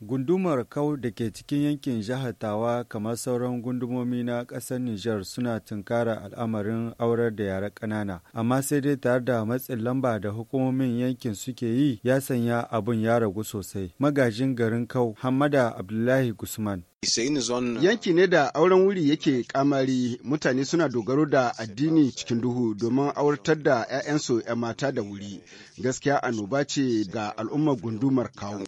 Gundumar Kau da ke cikin yankin jihar Tawa kamar sauran gundumomi na ƙasar Nijar suna tunkara al'amarin aurar da yara ƙanana, amma sai dai tare da matsin lamba da hukumomin yankin suke yi ya sanya abun ya ragu sosai. Magajin garin Kau, Hamada Abdullahi Gusman, Yanki ne da auren wuri yake kamari mutane suna dogaro da addini cikin duhu domin auratar da 'ya'yansu 'yan mata da wuri. Gaskiya annoba ce ga al'ummar gundumar kawo.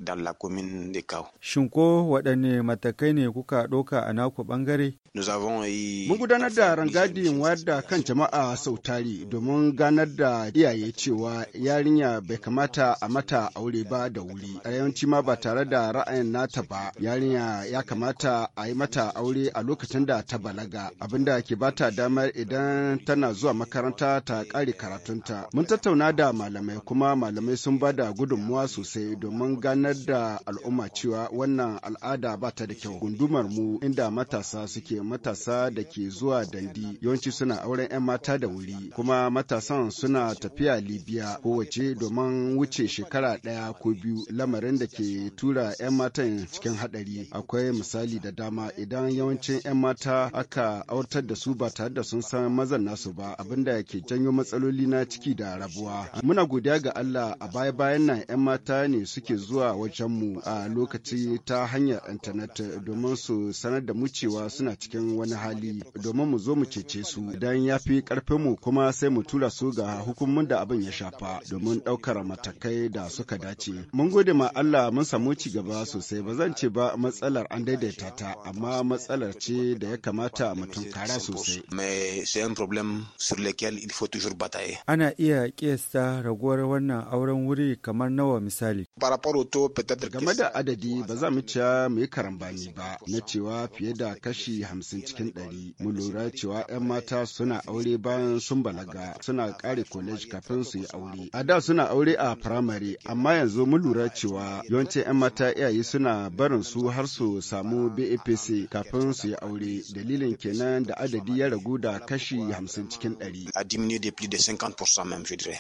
Shin ko waɗanne matakai ne kuka ɗauka a naku ɓangare? Mun gudanar da rangadin wada kan jama'a sau tari domin ganar da iyaye cewa yarinya bai kamata a mata aure ba da wuri. A yawanci ma ba tare da ra'ayin nata ba yarinya ya kamata kamata a yi mata aure a lokacin da ta balaga abinda ke bata damar idan tana zuwa makaranta ta kare karatunta mun tattauna da malamai kuma malamai sun ba da gudunmuwa sosai domin ganar da al'umma cewa wannan al'ada ba ta da kyau gundumar mu inda matasa suke matasa da ke zuwa dandi yawanci suna auren 'yan mata da wuri kuma matasan suna tafiya libya kowace domin wuce shekara ɗaya ko biyu lamarin da ke tura 'yan matan cikin haɗari akwai misali hankali da dama idan yawancin 'yan mata aka autar da su ba tare da sun san mazan nasu ba abinda yake janyo matsaloli na ciki da rabuwa. Muna godiya ga Allah a baya bayan nan 'yan mata ne suke zuwa wajen mu a lokaci ta hanyar intanet domin su sanar da mu cewa suna cikin wani hali domin mu zo mu cece su idan ya fi mu kuma sai mu tura su ga hukumomin da abin ya shafa domin ɗaukar matakai da suka dace. Mun gode ma Allah mun samu ci gaba sosai ba zan ce ba matsalar an daidaita ta amma matsalar ce da ya kamata mutum kara sosai. Ana iya kiyasta raguwar wannan auren wuri kamar nawa misali. Game da adadi ba za mu cewa muyi karambani ba na cewa fiye da kashi hamsin cikin ɗari mu lura cewa 'yan mata suna aure bayan sun balaga suna kare college kafin su yi aure. A da suna aure a firamare amma yanzu mun lura cewa yawancin 'yan mata iyaye suna barin su har su samu BAPC kafin su yi aure dalilin kenan da adadi ya ragu da kashi 50 cikin 100.